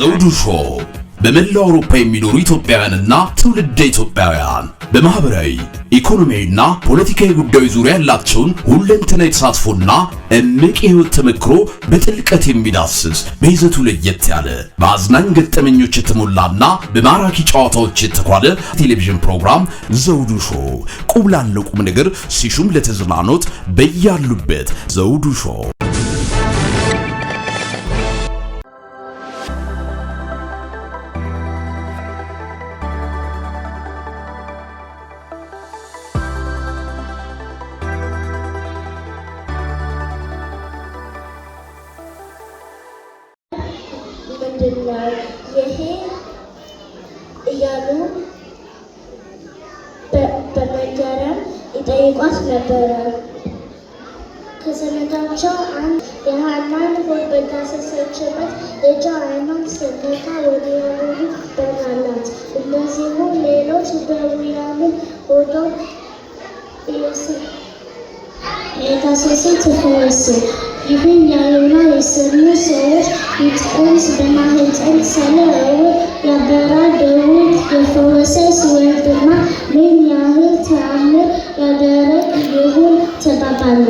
ዘውዱ ሾው በመላው አውሮፓ የሚኖሩ ኢትዮጵያውያንና ትውልደ ኢትዮጵያውያን በማህበራዊ ኢኮኖሚያዊና ፖለቲካዊ ጉዳዮች ዙሪያ ያላቸውን ሁለንተናዊ ተሳትፎና እምቅ የህይወት ተመክሮ በጥልቀት የሚዳስስ በይዘቱ ለየት ያለ በአዝናኝ ገጠመኞች የተሞላና በማራኪ ጨዋታዎች የተኳለ ቴሌቪዥን ፕሮግራም ዘውዱ ሾው ቁም ላለው ቁም ነገር ሲሹም ለተዝናኖት በያሉበት ዘውዱ ሾው ምንድነው ይሄ እያሉ በመገረም ይጠይቋት ነበረ። ከሰነታቸው አንድ የሐናን ሆድ በታሰሰችበት እጇ ዓይኗን ስነካ ወዲያውኑ በራላት። እነዚሁ ሌሎች በቢንያምን ሆዷን የታሰሱት ፈረስ ይህን ያዩና የሰሙ ሰዎች ይጥቅምስ በማህፀን ሰለው ያበራ ደዌን የፈወሰ ሲወልድማ ምን ያህል ተአምር ያደረግ ይሁን ተባባሉ።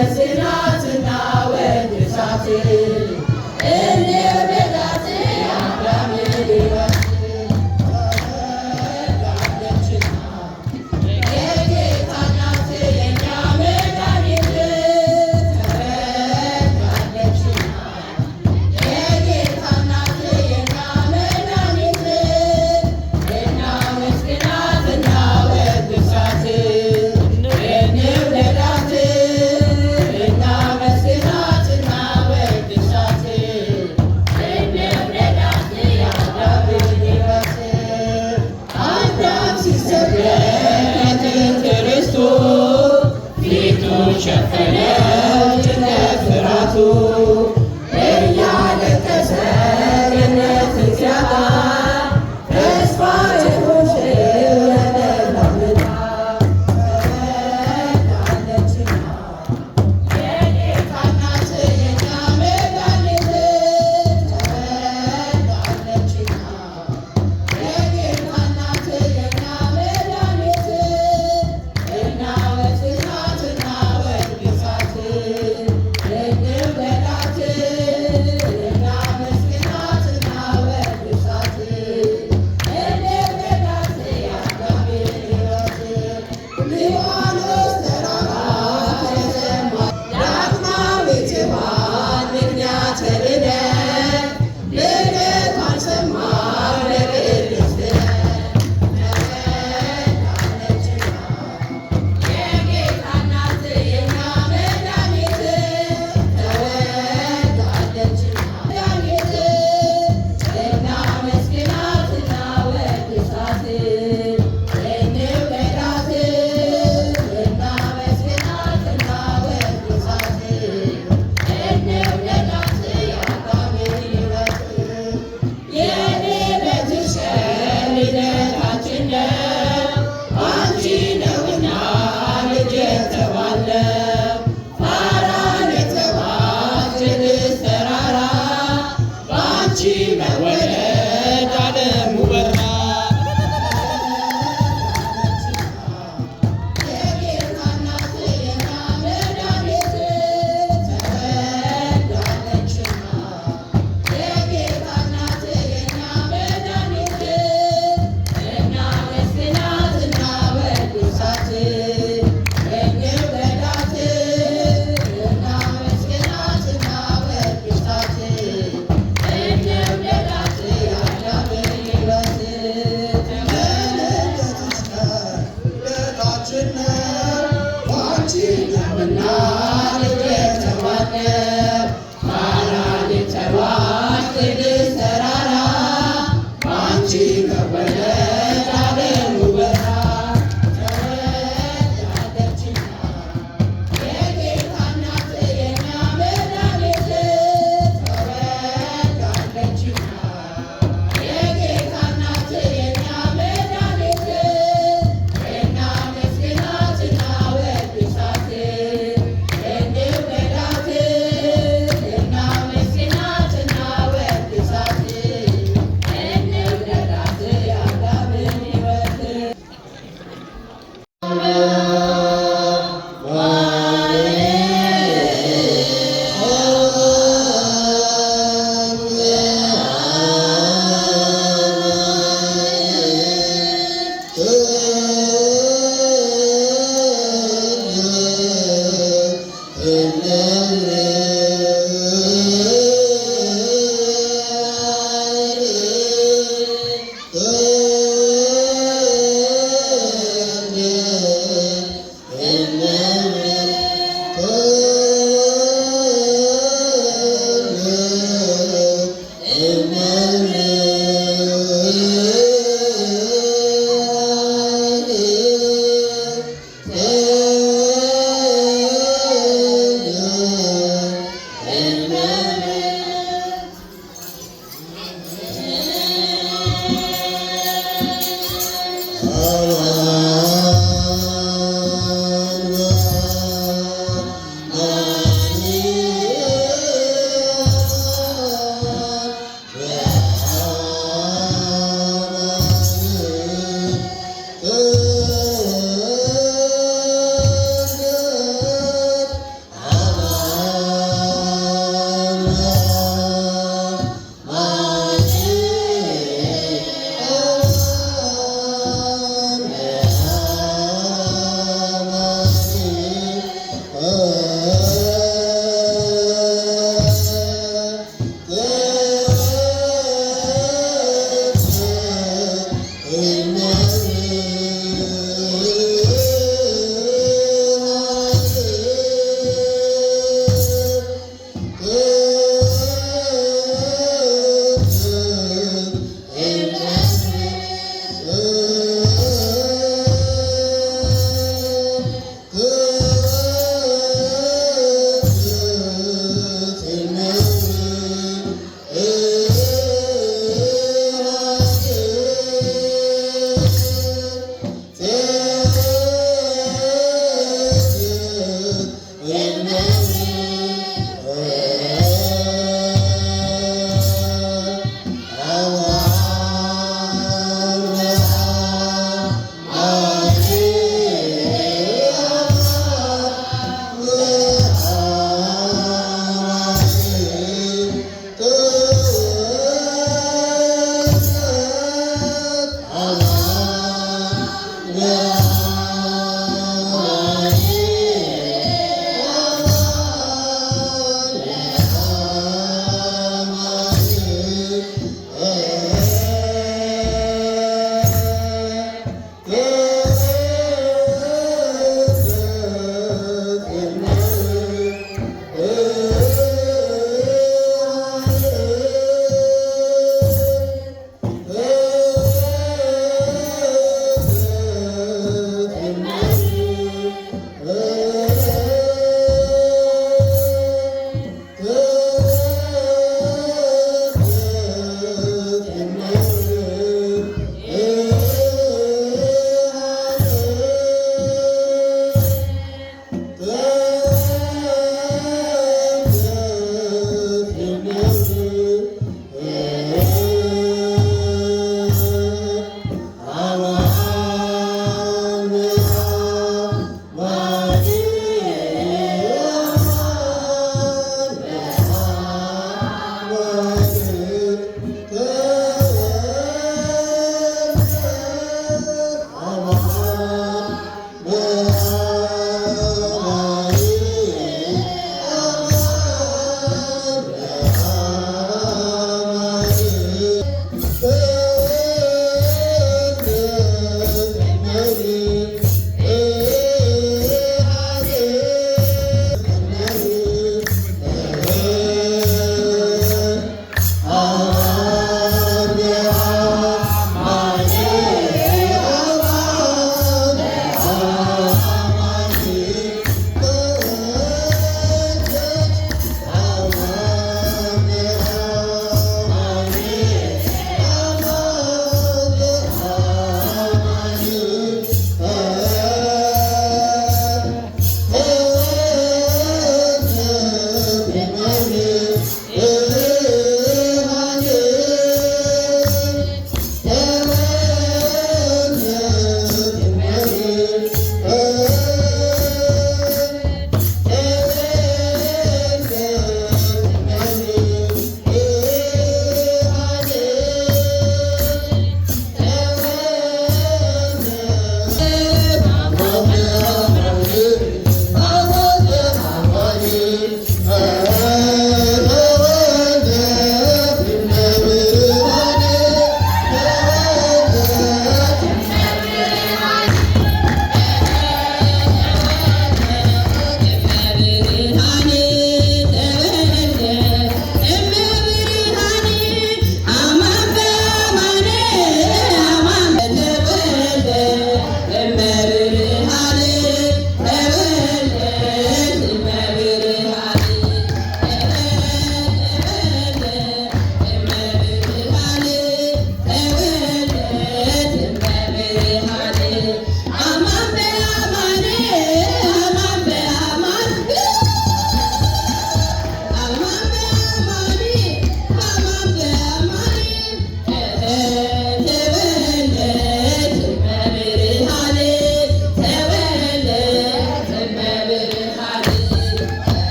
ဝေစေနာစေနာဝေသစ္စာစေ Hallelujah. Thank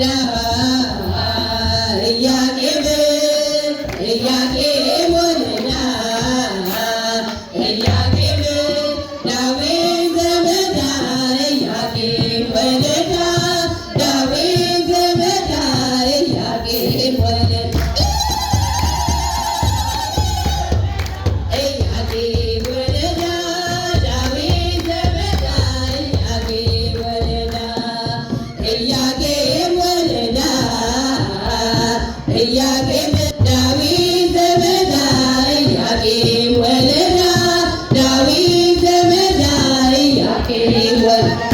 down. যায়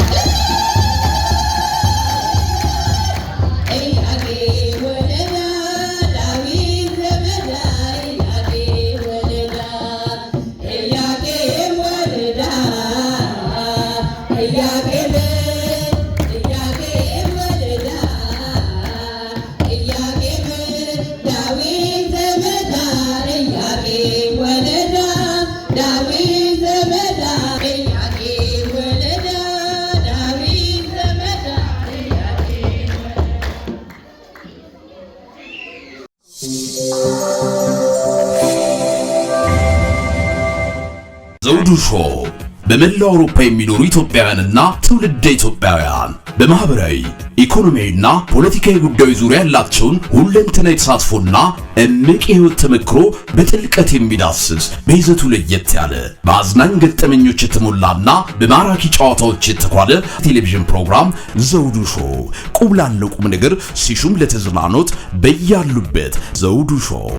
በመላው አውሮፓ የሚኖሩ ኢትዮጵያውያንና ትውልደ ኢትዮጵያውያን በማህበራዊ ኢኮኖሚያዊና ፖለቲካዊ ጉዳዮች ዙሪያ ያላቸውን ሁለንተና የተሳትፎና እምቅ የህይወት ተመክሮ በጥልቀት የሚዳስስ በይዘቱ ለየት ያለ በአዝናኝ ገጠመኞች የተሞላና በማራኪ ጨዋታዎች የተኳለ ቴሌቪዥን ፕሮግራም ዘውዱ ሾው ቁም ላለው ቁም ነገር ሲሹም ለተዝናኖት በያሉበት ዘውዱ ሾው